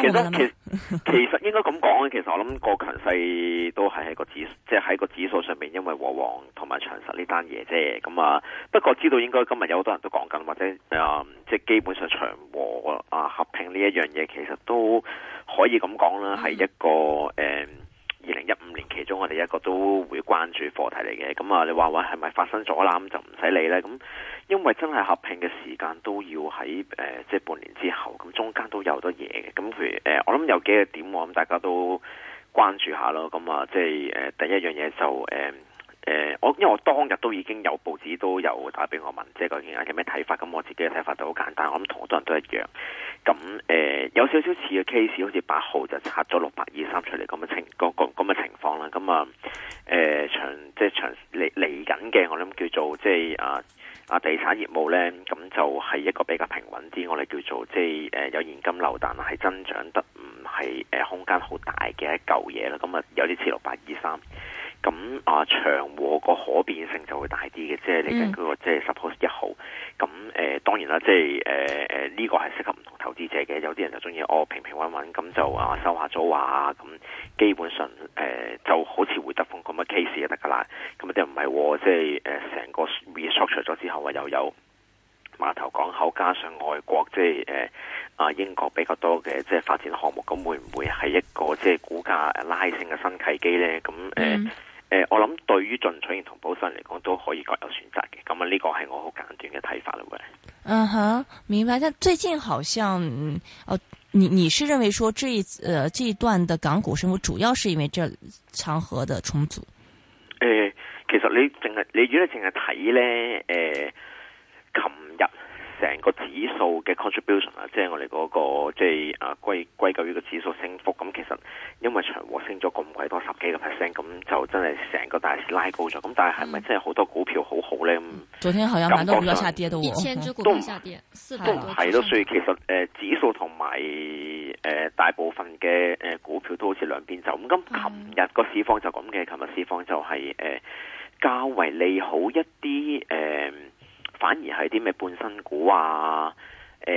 其實其其實應該咁講，其實我諗個強勢都係喺個指數，即係喺個指數上面，因為和黃同埋長實呢單嘢啫，咁啊。不過知道應該今日有好多人都講緊，或者啊、呃，即係基本上長和啊合併呢一樣嘢，其實都可以咁講啦，係一個誒。呃二零一五年，其中我哋一個都會關注課題嚟嘅，咁啊，你話話係咪發生咗啦？咁就唔使理咧。咁因為真係合併嘅時間都要喺誒、呃，即係半年之後，咁中間都有多嘢嘅。咁譬如誒、呃，我諗有幾個點，我諗大家都關注下咯。咁啊，即係誒、呃，第一樣嘢就誒。呃誒、呃，我因為我當日都已經有報紙都有打俾我問，即係究竟有咩睇法？咁、嗯、我自己嘅睇法就好簡單，我諗同好多人都一樣。咁、嗯、誒、嗯，有少少似嘅 case，好似八號就拆咗六百二三出嚟，咁嘅情況，嗰個咁嘅情況啦。咁、嗯、啊，誒長即係長嚟嚟緊嘅，我諗叫做即係啊啊地產業務咧，咁就係一個比較平穩啲，我、嗯、哋叫做即係誒、呃、有現金流，但係增長得唔係誒空間好大嘅一舊嘢啦。咁啊有啲似六百二三。咁啊，長和個可變性就會大啲嘅，即係你嘅嗰個即係十一號。咁誒、嗯，當然啦，即係誒誒，呢個係適合唔同投資者嘅。有啲人就中意哦，平平穩穩，咁就啊收下租啊咁。基本上誒，就好似會德豐咁嘅 case 就得噶啦。咁啊，即係唔係即係誒成個 restructure 咗之後啊，又有碼頭港口，加上外國即係誒啊英國比較多嘅即係發展項目，咁會唔會係一個即係股價拉升嘅新契機咧？咁誒，誒，我諗對於進取型同保守型嚟講，都可以各有選擇嘅。咁啊，呢個係我好簡短嘅睇法啦。喂，嗯哼，明白。但最近好像，哦、呃，你你是認為說，這一，呃，這一段嘅港股升幅，主要是因為這長和的重組？誒，其實你淨係，你如果淨係睇咧，誒，琴。成個指數嘅 contribution 啊，即係我哋嗰個即係啊歸歸咎於個指數升幅，咁其實因為長和升咗咁鬼多十幾個 percent，咁就真係成個大市拉高咗。咁但係係咪真係好多股票好好咧？嗯、感覺昨天好像好多股票下跌，嗯、都，一千股都下跌，都係咯了。所以其實誒、呃、指數同埋誒大部分嘅誒、呃、股票都好似兩邊走。咁今琴日個市況就咁嘅，琴日市況就係、是、誒、呃、較為利好一啲誒。呃反而係啲咩半新股啊，誒、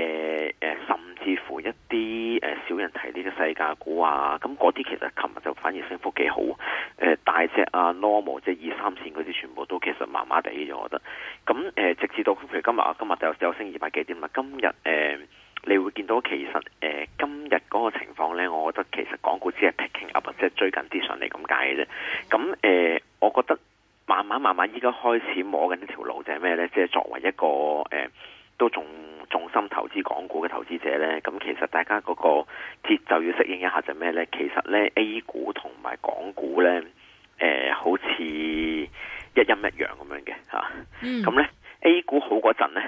呃、誒，甚至乎一啲誒少人提呢個細價股啊，咁嗰啲其實琴日就反而升幅幾好，誒、呃、大隻啊，normal 即係二三線嗰啲，全部都其實麻麻地，我覺得。咁誒、呃，直至到譬如今日，今日就有升二百幾點啦。今日誒、呃，你會見到其實誒、呃，今日嗰個情況咧，我覺得其實港股只係 picking up，即係追緊啲上嚟咁解嘅啫。咁誒、呃，我覺得。慢慢慢慢，依家開始摸緊呢條路就呢，就係咩呢？即係作為一個誒、呃，都重重心投資港股嘅投資者呢，咁其實大家嗰個節奏要適應一下，就係咩呢？其實呢 A 股同埋港股呢，誒、呃、好似一陰一陽咁樣嘅嚇。咁、啊嗯、呢 A 股好嗰陣咧，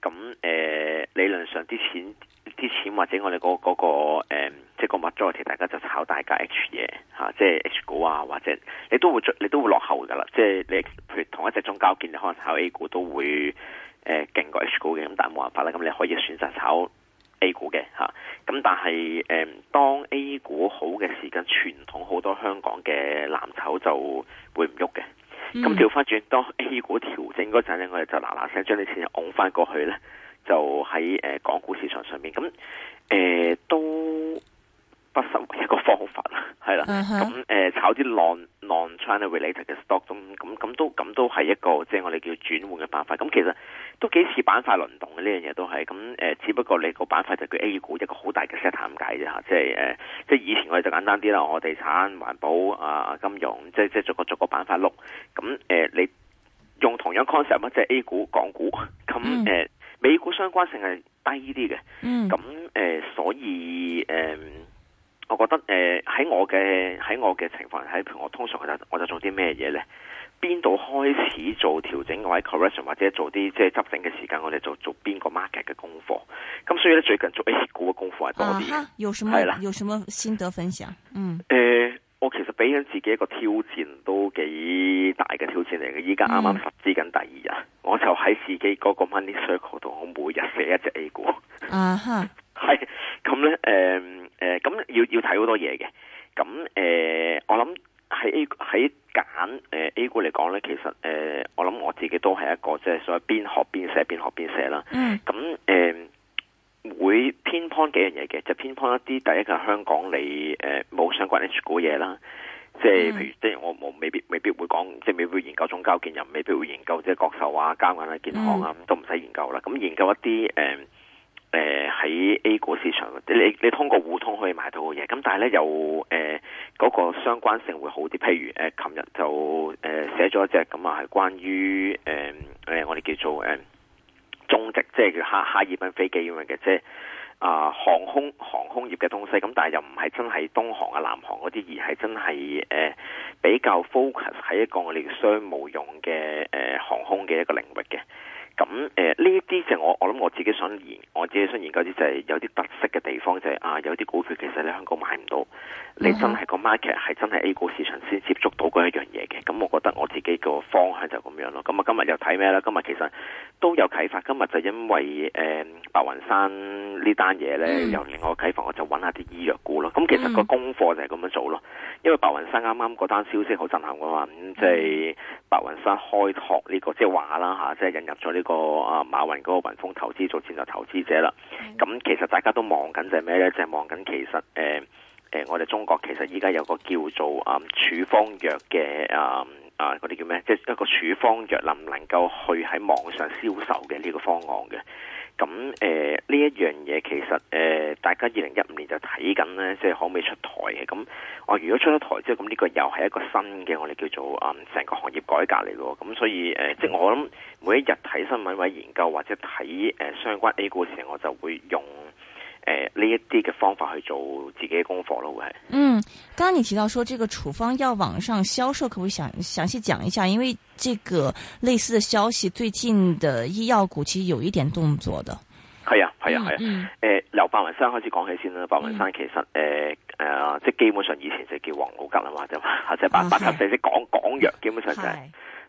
咁誒、呃、理論上啲錢。啲錢或者我哋嗰嗰個誒、那個嗯，即係個 majority，大家就炒大家 H 嘢吓、啊，即係 H 股啊，或者你都會你都會落後噶啦。即係你，譬如同一隻中交你可能炒 A 股都會誒勁過 H 股嘅，咁但係冇辦法啦。咁你可以選擇炒 A 股嘅吓，咁、啊、但係誒、嗯，當 A 股好嘅時間，傳統好多香港嘅藍籌就會唔喐嘅。咁調翻轉，當 A 股調整嗰陣咧，我哋就嗱嗱聲將啲錢拱翻過去咧。就喺誒港股市場上面，咁誒、呃、都不失為一個方法啦，係啦。咁誒 炒啲 non non-China 嘅 related stock 咁，咁咁都咁都係一個即係、就是、我哋叫轉換嘅辦法。咁其實都幾似板塊輪動嘅呢樣嘢都係。咁誒、呃，只不過你個板塊就叫 A 股一個好大嘅 set 嘅框啫嚇。即係誒，即係以前我哋就簡單啲啦，我地產、環保啊、金融，即係即係逐個逐個板塊碌。咁誒、呃，你用同樣 concept 即係 A 股、港股，咁誒。嗯美股相關性係低啲嘅，咁誒、嗯呃，所以誒、呃，我覺得誒喺、呃、我嘅喺我嘅情況，喺我通常我就我就做啲咩嘢咧？邊度開始做調整或者 correction 或者做啲即係執正嘅時間，我哋做做邊個 market 嘅功課？咁所以咧，最近做 A、哎、股嘅功課係多啲、啊。有什麼係啦，有什麼心得分享？嗯。呃我其實俾緊自己一個挑戰，都幾大嘅挑戰嚟嘅。依家啱啱實施緊第二日，嗯、我就喺自己嗰個 Money Circle 度，我每日寫一隻 A 股。啊哈，係咁咧，誒誒，咁要要睇好多嘢嘅。咁誒，我諗喺 A 喺揀誒 A 股嚟講咧，其實誒、呃，我諗我自己都係一個即係所謂邊學邊寫，邊學邊寫啦。嗯，咁誒、嗯。嗯會偏頗幾樣嘢嘅，就偏頗一啲。第一，個香港你誒冇相關 H 股嘢啦，即係譬如、mm. 即係我冇未必未必會講，即係未，未必會研究中交建，又未必會研究即係國壽啊、交銀啊、建行啊，咁都唔使研究啦。咁、嗯、研究一啲誒誒喺 A 股市場，你你通過互通可以買到嘅嘢。咁但係咧有誒嗰、呃那個相關性會好啲。譬如誒，琴、呃、日就誒寫咗一隻咁啊，係、嗯、關於誒誒、呃呃呃、我哋叫做誒。中直即係叫哈哈爾濱飛機咁樣嘅，即係啊航空航空業嘅東西。咁但係又唔係真係東航啊南航嗰啲，而係真係誒、呃、比較 focus 喺一個我哋嘅商務用嘅誒、呃、航空嘅一個領域嘅。咁誒呢啲就我我諗我自己想研，我自己想研究啲就係有啲特色嘅地方，就係啊有啲股票其實喺香港買唔到。你真係個 market 係真係 A 股市場先接觸到嗰一樣嘢嘅，咁我覺得我自己個方向就咁樣咯。咁啊，今日又睇咩啦？今日其實都有啟發。今日就因為誒、呃、白雲山呢單嘢咧，由、嗯、另外個啟發，我就揾下啲醫藥股咯。咁其實個功課就係咁樣做咯。嗯、因為白雲山啱啱嗰單消息好震撼啊嘛，即、嗯、係、就是、白雲山開拓呢、這個即係、就是、話啦嚇，即、啊、係、就是、引入咗呢、這個啊馬雲嗰個雲峰投資做戰略投資者啦。咁其實大家都望緊就係咩咧？就係望緊其實誒。呃誒、呃，我哋中國其實依家有個叫做啊、嗯、處方藥嘅、嗯、啊啊啲叫咩？即係一個處方藥能唔能夠去喺網上銷售嘅呢、這個方案嘅？咁誒呢一樣嘢其實誒、嗯、大家二零一五年就睇緊咧，即係可唔可以出台嘅。咁、嗯、我如果出咗台之後，咁呢個又係一個新嘅我哋叫做啊成、嗯、個行業改革嚟嘅。咁、嗯、所以誒，即係我諗每一日睇新聞或，或者研究或者睇誒相關 A 股時，我就會用。誒，呢一啲嘅方法去做自己嘅功課咯，會係。嗯，剛剛你提到說這個處方藥網上銷售，可唔可以詳詳細講一下？因為這個類似嘅消息，最近的醫藥股其實有一點動作的。係啊，係啊，係啊。誒、啊，由、呃、白雲山開始講起先啦。白雲山其實誒誒、嗯呃呃，即係基本上以前就叫王老吉啦嘛，啊、就或者白白吉，即係講講藥，基本上就係、是。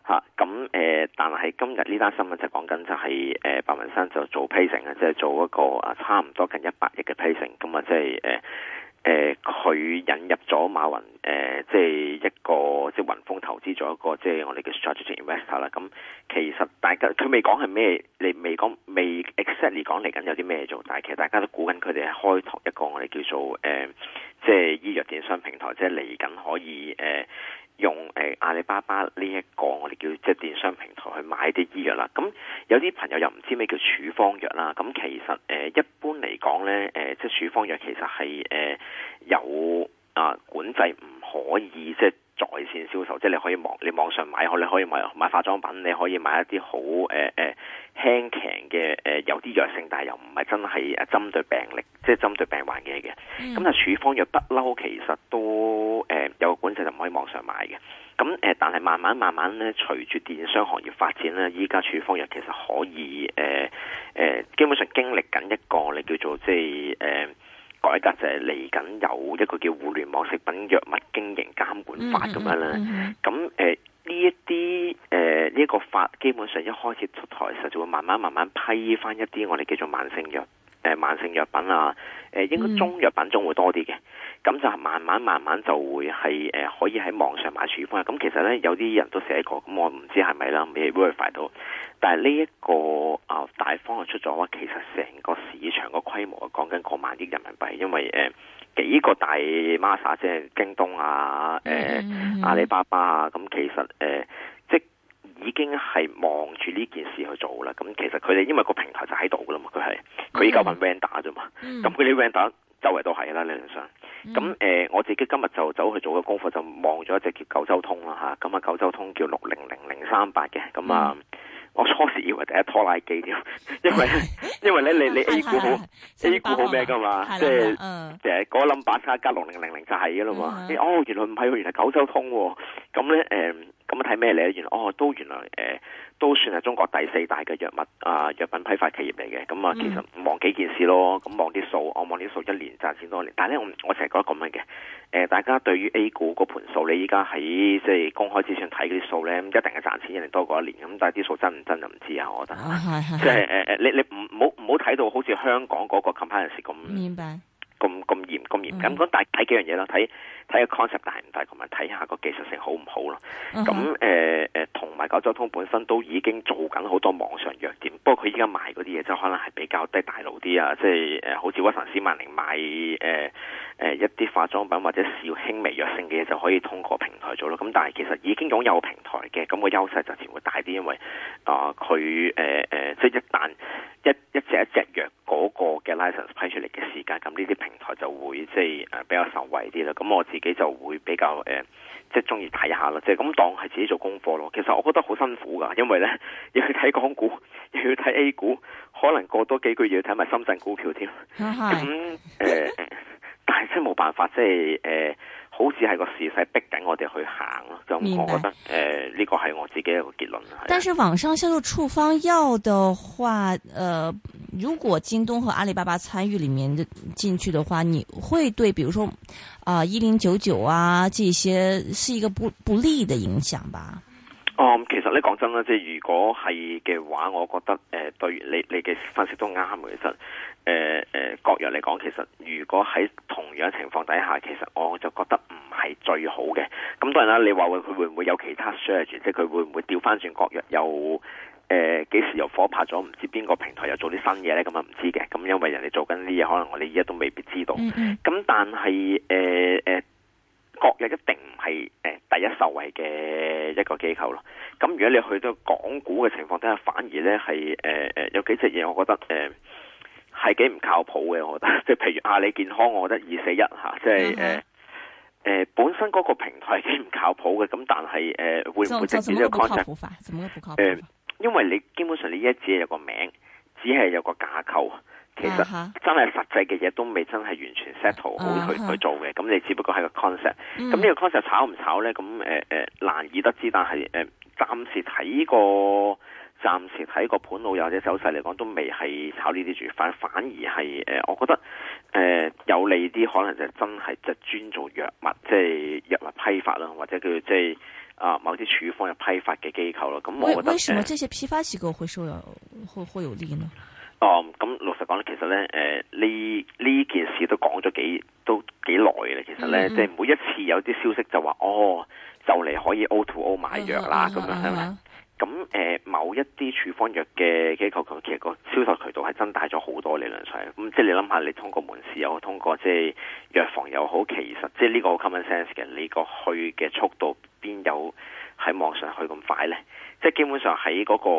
嚇，咁誒，但係、呃、今日呢單新聞就講緊就係誒白雲山，就做批成啊，即係做一個啊差唔多近一百億嘅批成咁啊，即係誒誒佢引入咗馬雲誒，即係一個即係雲峰投資咗一個即係我哋嘅 strategy investor 啦。咁、嗯、其實大家佢未講係咩？你未講未 exactly 講嚟緊有啲咩做，但係其實大家都估緊佢哋係開拓一個我哋叫做誒、呃，即係醫藥電商平台，即係嚟緊可以誒。呃用誒阿里巴巴呢一個我哋叫即係電商平台去買啲醫藥啦，咁有啲朋友又唔知咩叫處方藥啦，咁其實誒、呃、一般嚟講咧，誒、呃、即係處方藥其實係誒、呃、有。啊，管制唔可以即係在線銷售，即係你可以網你網上買可，你可以買買化妝品，你可以買一啲好誒誒輕強嘅誒有啲藥性，但係又唔係真係誒針對病歷，即係針對病患嘅嘅。咁啊處方藥不嬲，其實都誒、呃、有個管制就唔可以網上買嘅。咁誒，但係、呃、慢慢慢慢咧，隨住電商行業發展咧，依家處方藥其實可以誒誒、呃呃，基本上經歷緊一個你叫做即係誒。呃呃改革就係嚟緊有一個叫互聯網食品藥物經營監管法咁樣啦，咁誒呢一啲誒呢個法基本上一開始出台嘅時候，就會慢慢慢慢批翻一啲我哋叫做慢性藥誒、呃、慢性藥品啊，誒、呃、應該中藥品種會多啲嘅，咁、嗯、就慢慢慢慢就會係誒、呃、可以喺網上買處方嘅，咁其實咧有啲人都寫過，咁我唔知係咪啦未 verify 到。但係呢一個啊大方嘅出咗話，其實成個市場個規模係講緊過萬億人民幣，因為誒、呃、幾個大孖沙即係京東啊、誒、呃 mm hmm. 阿里巴巴啊，咁、嗯、其實誒、呃、即已經係望住呢件事去做啦。咁、嗯、其實佢哋因為個平台就喺度噶啦嘛，佢係佢依家揾 vendor 啫嘛。咁佢啲 vendor 周圍都係啦，理論上。咁、嗯、誒、mm hmm. 嗯呃，我自己今日就走去做個功夫，就望咗隻叫九州通啦嚇。咁啊、嗯，九州通叫六零零零三八嘅，咁啊。Mm hmm. 我初時以為第一拖拉機添，因為因為咧你你 A 股好 A 股好咩噶嘛、啊就，即係誒嗰個 number 加六零零零就係噶啦嘛，嗯啊哎、哦原來唔係，原來九州通咁咧誒。咁啊，睇咩嚟？原來哦，都原來誒、呃，都算係中國第四大嘅藥物啊，藥品批發企業嚟嘅。咁、嗯、啊，嗯、其實望幾件事咯，咁望啲數，我望啲數，一年賺錢多年。但係咧，我我成日覺得咁樣嘅。誒、呃，大家對於 A 股嗰盤數，你依家喺即係公開資訊睇嗰啲數咧，一定係賺錢，一定多過一年。咁但係啲數真唔真就唔知啊。我覺得，即係誒誒，你你唔好唔好睇到好似香港嗰個 comparison 咁。咁咁嚴咁嚴，咁講大睇幾樣嘢啦。睇睇個 concept 大唔大，同埋睇下個技術性好唔好咯。咁誒誒，同埋、呃、九州通本身都已經做緊好多網上藥店，不過佢依家賣嗰啲嘢，就可能係比較低大路啲啊，即係誒，好似屈臣氏萬寧賣誒誒一啲化妝品或者少輕微藥性嘅嘢就可以通過平台做咯。咁但係其實已經擁有平台嘅，咁、個優勢就自然會大啲，因為啊佢誒誒，即係一旦一一,一隻一隻藥嗰個嘅 license 批出嚟嘅時間，咁呢啲平台就會即係誒比較受惠啲啦，咁我自己就會比較誒即係中意睇下啦，即係咁當係自己做功課咯。其實我覺得好辛苦噶，因為咧要睇港股，又要睇 A 股，可能過多幾個月要睇埋深圳股票添。咁誒，但係真係冇辦法，即係誒。好似係個時勢逼緊我哋去行咯，咁明白我覺得誒呢個係我自己一個結論。但是網上銷售處方藥嘅話，誒、呃、如果京東和阿里巴巴參與裏面嘅，進去的話，你會對，比如說、呃、啊一零九九啊這些，是一個不不利嘅影響吧？哦、嗯，其實咧講真啦，即係如果係嘅話，我覺得誒、呃、對你你嘅分析都啱，其實。誒誒、呃，國藥嚟講，其實如果喺同樣情況底下，其實我就覺得唔係最好嘅。咁當然啦，你話佢會唔會有其他 charge，即係佢會唔會調翻轉國藥又誒幾、呃、時又火拍咗，唔知邊個平台又做啲新嘢咧？咁啊唔知嘅。咁因為人哋做緊啲嘢，可能我哋而家都未必知道。咁但係誒誒，國藥一定唔係誒第一受惠嘅一個機構咯。咁如果你去到港股嘅情況底下，反而咧係誒誒有幾隻嘢，我覺得誒。呃係幾唔靠譜嘅，我覺得即係譬如阿里、啊、健康，我覺得二四一吓，即係誒誒，本身嗰個平台係幾唔靠譜嘅，咁但係誒、呃、會唔會直係呢個 concept？誒、呃，因為你基本上你一只係有個名，只係有個架構，其實真係實際嘅嘢，都未真係完全 settle 好去、uh huh. 去做嘅，咁你只不過係個 concept，咁、uh huh. con 呢個 concept 炒唔炒咧？咁誒誒，難以得知，但係誒、呃，暫時睇過、這個。暫時睇個盤路或者走勢嚟講，都未係炒呢啲住，反反而係誒、呃，我覺得誒、呃呃、有利啲，可能真就真係即係專注藥物，即係藥物批發咯，或者叫即係啊某啲處方藥批發嘅機構咯。咁我為為什麼這些批發機構會受到會會有利呢？哦、嗯，咁老實講咧，其實咧誒呢呢、呃、件事都講咗幾都幾耐啦。嗯、其實咧，即係每一次有啲消息就話哦，就嚟，可以 O to O 買藥藥啦，咁樣係咪？一啲處方藥嘅機構，佢其實個銷售渠道係增大咗好多，理論上，咁即係你諗下，你通過門市又好，通過即係藥房又好，其實即係呢個 common sense 嘅，你個去嘅速度邊有喺網上去咁快咧？即係基本上喺嗰個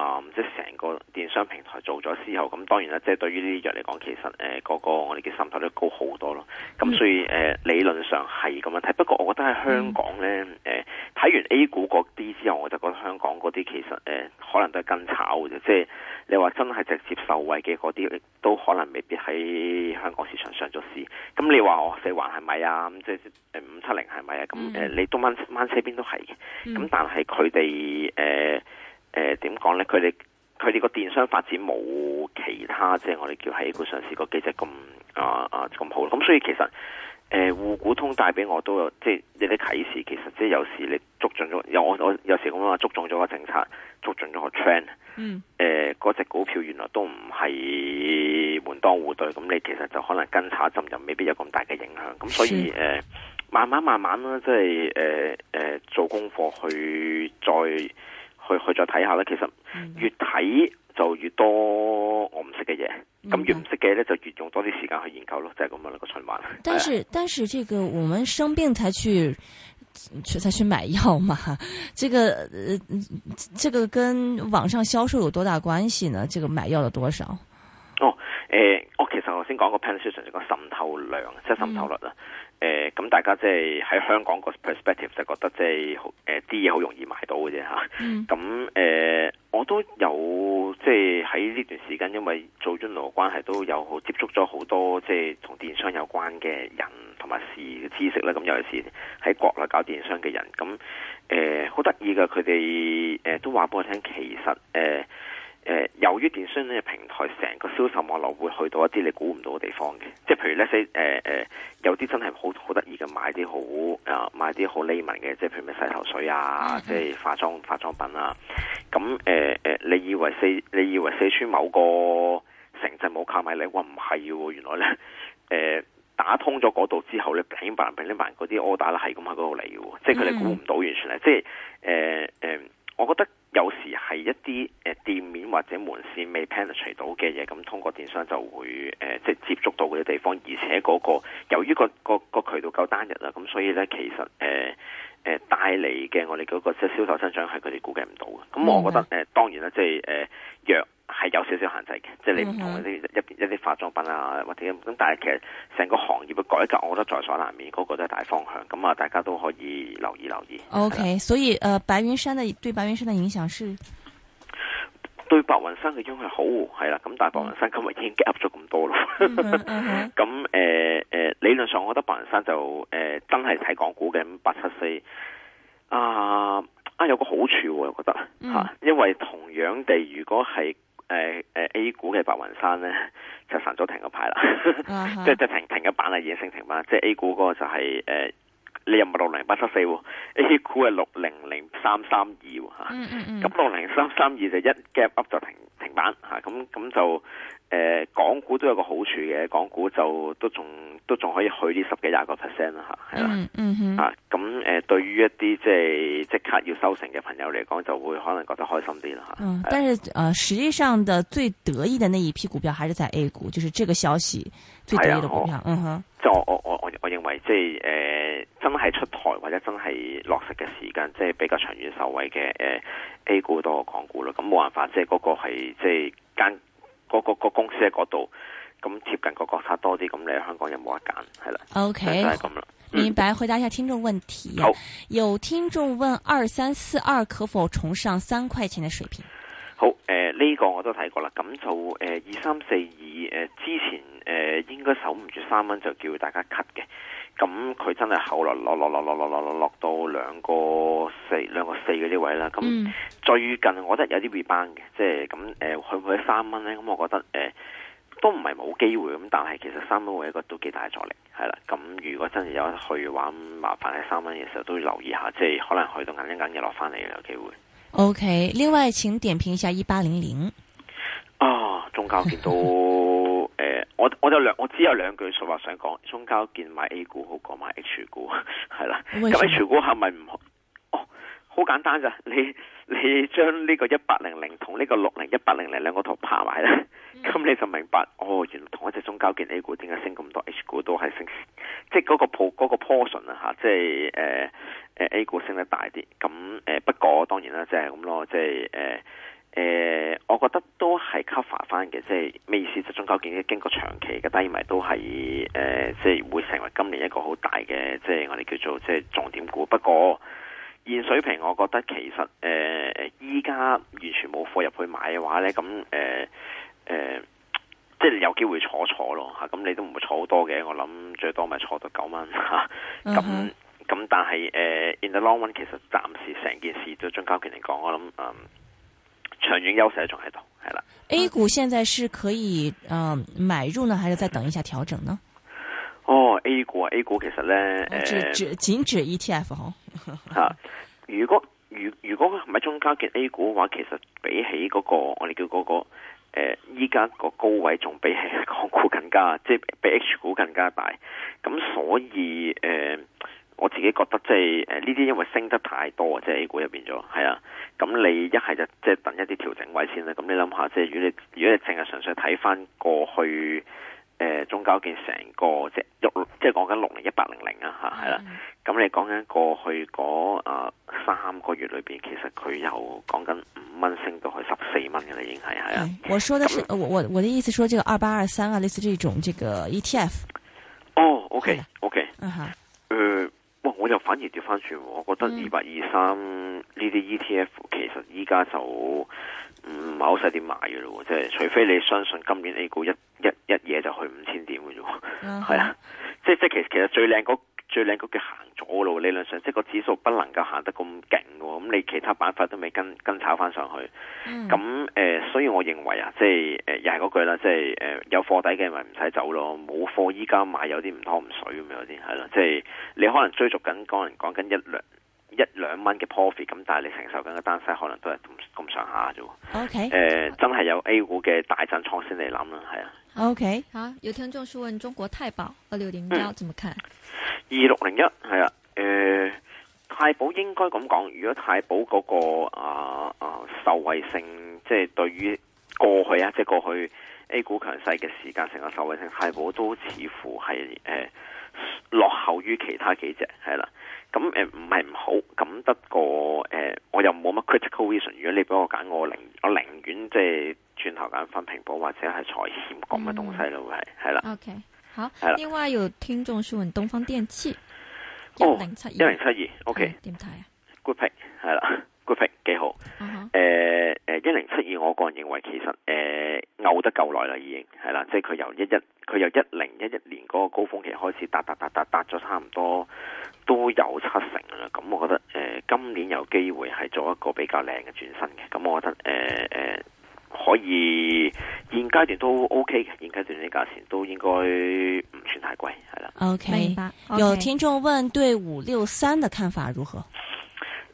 誒即係成個電商平台做咗之後，咁當然啦，即係對於呢啲藥嚟講，其實誒個我哋嘅滲透率高好多咯。咁所以誒理論上係咁樣睇，不過我覺得喺香港咧誒。睇完 A 股嗰啲之後，我就覺得香港嗰啲其實誒、呃、可能都係跟炒嘅啫。即係你話真係直接受惠嘅嗰啲，都可能未必喺香港市場上咗市。咁、嗯嗯、你話我四環係咪啊？咁即係誒五七零係咪啊？咁、嗯、誒、嗯、你東灣灣西邊都係嘅。咁、嗯嗯、但係佢哋誒誒點講咧？佢哋佢哋個電商發展冇其他，即係我哋叫喺 A 股上市個幾隻咁啊啊咁好。咁所以其實。誒滬、呃、股通帶俾我都有，即係一啲啟示。其實即係有時你捉準咗，有我我有時咁樣話捉準咗個政策，捉準咗個 trend。嗯。嗰隻、呃、股票原來都唔係門當戶對，咁你其實就可能跟下浸就未必有咁大嘅影響。咁所以誒是、呃，慢慢慢慢啦，即係誒誒做功課去再去去再睇下啦。其實越睇就越多我唔識嘅嘢，咁、嗯、越唔識嘅咧就越用多啲時間去。咯，即係咁樣個循環。但是，但是，這個我們生病才去去才去，去買藥嘛？這個，呃，這個跟網上銷售有多大關係呢？這個買藥的多少？哦，誒、呃，我其實我先講個 penetration，個滲透量，即係滲透率啦。嗯誒、呃，咁大家即係喺香港個 perspective 就覺得即係誒啲嘢好容易買到嘅啫吓。咁誒、mm. 嗯，我都有即係喺呢段時間，因為做 journal 嘅關係，都有好接觸咗好多即係同電商有關嘅人同埋事嘅知識啦。咁尤其是喺國內搞電商嘅人，咁誒好得意㗎，佢哋誒都話俾我聽，其實誒。嗯啲電商呢個平台成個銷售網絡會去到一啲你估唔到嘅地方嘅，即係譬如呢些誒誒有啲真係好好得意嘅買啲好啊買啲好靚文嘅，即係譬如咩洗頭水啊，即係化妝化妝品啊。咁誒誒，你以為四你以為四川某個城鎮冇購買力？哇唔係喎，原來咧誒打通咗嗰度之後咧，平白平平嗰啲 order 啦係咁喺嗰度嚟嘅，即係佢哋估唔到完全係，即係誒誒。我覺得有時係一啲誒、呃、店面，或者門市未 penetrate 到嘅嘢，咁通過電商就會誒、呃、即係接觸到嗰啲地方，而且嗰、嗰個由於、嗰個個、嗰個渠道夠單日啦，咁所以咧其實誒誒帶嚟嘅我哋嗰個即係銷售增長係佢哋估計唔到嘅。咁我覺得誒、呃、當然啦，即係誒弱。呃若係有少少限制嘅，即係你唔同一啲一啲化妝品啊，或者咁。但係其實成個行業嘅改革，我覺得在所難免，嗰個都係大方向。咁啊，大家都可以留意留意。OK，所以誒，白雲山嘅對白雲山嘅影響是對白雲山嘅影響係好係啦。咁但係白雲山今日已經積壓咗咁多啦。咁誒誒，理論上我覺得白雲山就誒真係睇港股嘅八七四啊啊，有個好處我又覺得吓，因為同樣地，如果係誒誒、uh huh.，A 股嘅白雲山咧就晨、是、早停個牌啦，即係即係停停個板、就是呃、啊，嘢升停板。即係 A 股嗰個就係誒，你又唔係六零八七四，A 股係六零零三三二吓，咁六零零三三二就一 gap up 就停。吓咁咁就誒，港股都有個好處嘅，港股就都仲都仲可以去啲十幾廿個 percent 啦吓，係、嗯、啦，啊咁誒，對於一啲即係即刻要收成嘅朋友嚟講，就會可能覺得開心啲啦吓。但是誒、呃，實際上嘅最得意嘅那一批股票還是在 A 股，就是這個消息最得意的股票。嗯哼，即、呃就是嗯、哼我就我我我我認為即係誒。呃係出台或者真係落實嘅時間，即係比較長遠受惠嘅誒、呃、A 股多個港股咯。咁冇辦法，即係嗰個係即係間嗰個個公司喺嗰度，咁、嗯、貼近個國策多啲。咁你喺香港有冇得揀？係啦，OK，就係咁啦。明白，回答一下聽眾問題、啊。好有聽眾問：二三四二可否重上三塊錢嘅水平？好，誒、呃、呢、這個我都睇過啦。咁就誒二三四二，誒、呃呃、之前誒、呃、應該守唔住三蚊，就叫大家 cut 嘅。咁佢真係後來落落落落落落落到兩個四兩個四嗰啲位啦，咁最近我覺得有啲 rebound 嘅，即係咁誒，去唔去三蚊咧？咁我覺得誒都唔係冇機會咁，但係其實三蚊會一個都幾大阻力，係啦。咁如果真係有得去嘅話，麻煩喺三蚊嘅時候都要留意下，即係可能去到硬一硬嘅落翻嚟嘅有機會。OK，另外請點評一下一八零零啊，中交建到。 我我就兩我只有兩句說話想講，中交建買 A 股好過買 H 股，係啦。咁會 H 股係咪唔好？哦，好簡單㗎，你你將呢個一八零零同呢個六零一八零零兩個圖拍埋咧，咁、 嗯、你就明白哦。原來同一隻中交建 A 股點解升咁多，H 股都係升，即係嗰個個 portion 啊吓，即係誒誒 A 股升得大啲。咁誒、呃，不過當然啦，即係咁咯，即係誒。呃誒，我覺得都係 cover 翻嘅，即係咩意思？即係中交建經經過長期嘅低迷，都係誒，即係會成為今年一個好大嘅，即係我哋叫做即係重點股。不過現水平，我覺得其實誒，依家完全冇貨入去買嘅話咧，咁誒誒，即係有機會坐坐咯吓，咁你都唔會坐好多嘅。我諗最多咪坐到九蚊吓，咁咁但係誒，in the long run，其實暫時成件事對中交建嚟講，我諗嗯。長遠優勢仲喺度，係啦。A 股現在是可以，嗯、呃，買入呢，還是再等一下調整呢？哦，A 股啊，A 股其實咧，只只僅止 ETF 嗬。吓、 啊，如果如如果唔係中加嘅 A 股嘅話，其實比起嗰個我哋叫嗰個，誒、那個，依家個高位仲比起港股更加，即係比 H 股更加大。咁所以，誒、呃。我自己覺得即係誒呢啲，呃、因為升得太多，即係 A 股入邊咗，係啊。咁你一係就即係等一啲調整位先啦。咁你諗下，即係如果你如果你淨係純粹睇翻過去誒中交建成個即係即係講緊六零一八零零啊嚇，係啦、嗯。咁、嗯、你講緊過去嗰、呃、三個月裏邊，其實佢又講緊五蚊升到去十四蚊嘅，已經係係啦。我說的是樣我我我的，意思，說這個二八二三啊，類似這種這個 ETF。哦，OK，OK。嗯、呃我就反而調翻轉，我覺得二八二三呢啲 ETF 其實依家就唔係好使點買嘅咯，即係除非你相信今年 A 股一一一夜就去五千點嘅啫，係啦，即即其實其實最靚嗰。最靚嗰句行咗咯，理論上即係個指數不能夠行得咁勁，咁你其他板塊都未跟跟炒翻上去，咁誒、嗯呃，所以我認為啊，即係誒、呃，又係嗰句啦，即係誒、呃，有貨底嘅咪唔使走咯，冇貨依家買有啲唔湯唔水咁樣啲，係咯，即係你可能追逐緊可能講緊一兩一兩蚊嘅 profit，咁但係你承受緊嘅單息可能都係咁咁上下啫。O K，誒，真係有 A 股嘅大震倉先嚟諗啦，係啊。O K，好，有聽眾是問中國太保二六零一，嗯、二六零一，怎麼看？二六零一係啊，誒，太保應該咁講，如果太保嗰、那個啊啊、呃呃、受惠性，即係對於過去啊，即係過去 A 股強勢嘅時間性嘅受惠性，太保都似乎係誒、呃、落後於其他幾隻，係啦，咁誒唔係唔好，咁得過誒、呃，我又冇乜 critical vision，如果你俾我揀，我寧我寧願即係。轉頭揀翻平保或者係財險咁嘅東西咯，係係啦。的 o、okay. K，好係啦。的另外有聽眾詢問東方電器一零七二。一零七二，O K 點睇啊？Good pick 係啦，Good pick 幾好？誒誒、uh，一零七二，我個人認為其實誒，牛、呃、得夠耐啦，已經係啦。即係佢由一一佢由一零一一年嗰個高峰期開始，達達達達達咗差唔多都有七成啦。咁我覺得誒、呃，今年有機會係做一個比較靚嘅轉身嘅。咁我覺得誒誒。呃呃呃呃可以現階段都 OK 嘅，現階段啲價錢都應該唔算太貴，係啦 Okay.。OK，有聽眾問對五六三嘅看法如何？誒、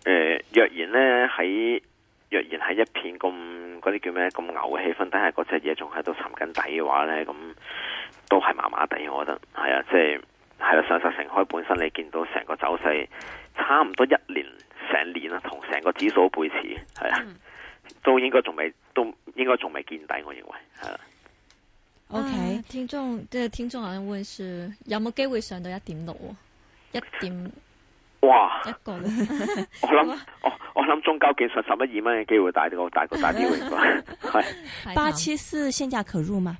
呃，若然咧喺若然喺一片咁嗰啲叫咩咁牛嘅氣氛，但係嗰隻嘢，仲喺度沉緊底嘅話咧，咁都係麻麻地，我覺得係啊，即係，係啦。上實城開本身，你見到成個走勢差唔多一年成年啊，同成個指數背馳，係啊，嗯、都應該仲未。都應該仲未見底，我認為係啦。O K，聽眾即係聽眾，我會 Okay,、啊、是有冇機會上到一點六？一點？哇！一個？我諗 ，哦，我諗中交技術十一二蚊嘅機會大啲，個大個大啲，會啩係。八七四現價可入嗎？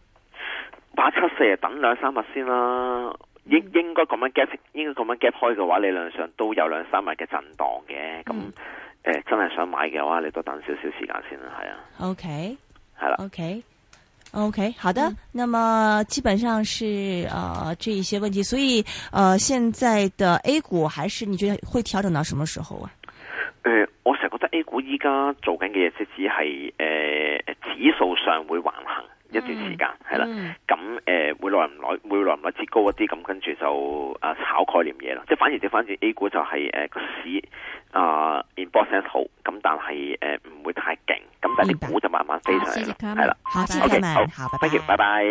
八七四等兩三日先啦。應應該咁樣 get，應該咁樣 get 開嘅話，理論上都有兩三日嘅震盪嘅。咁誒、嗯嗯，真係想買嘅話，你都等少少時間先啦，係啊。OK，係啦、啊。OK，OK，、okay, okay, 好的。嗯、那麼基本上是啊、呃，這一些問題，所以誒、呃，現在的 A 股還是你覺得會調整到什麼時候啊？誒、呃，我成日覺得 A 股依家做緊嘅嘢，即只係誒指數上會橫行。一段時間係啦，咁誒會耐唔耐會耐唔耐至高一啲，咁跟住就啊炒概念嘢啦，即係反而就反而 A 股就係誒個市啊 in bounce 好，咁但係誒唔會太勁，咁但係啲股就慢慢飛上嚟啦，係啦，OK，好，拜拜，拜拜。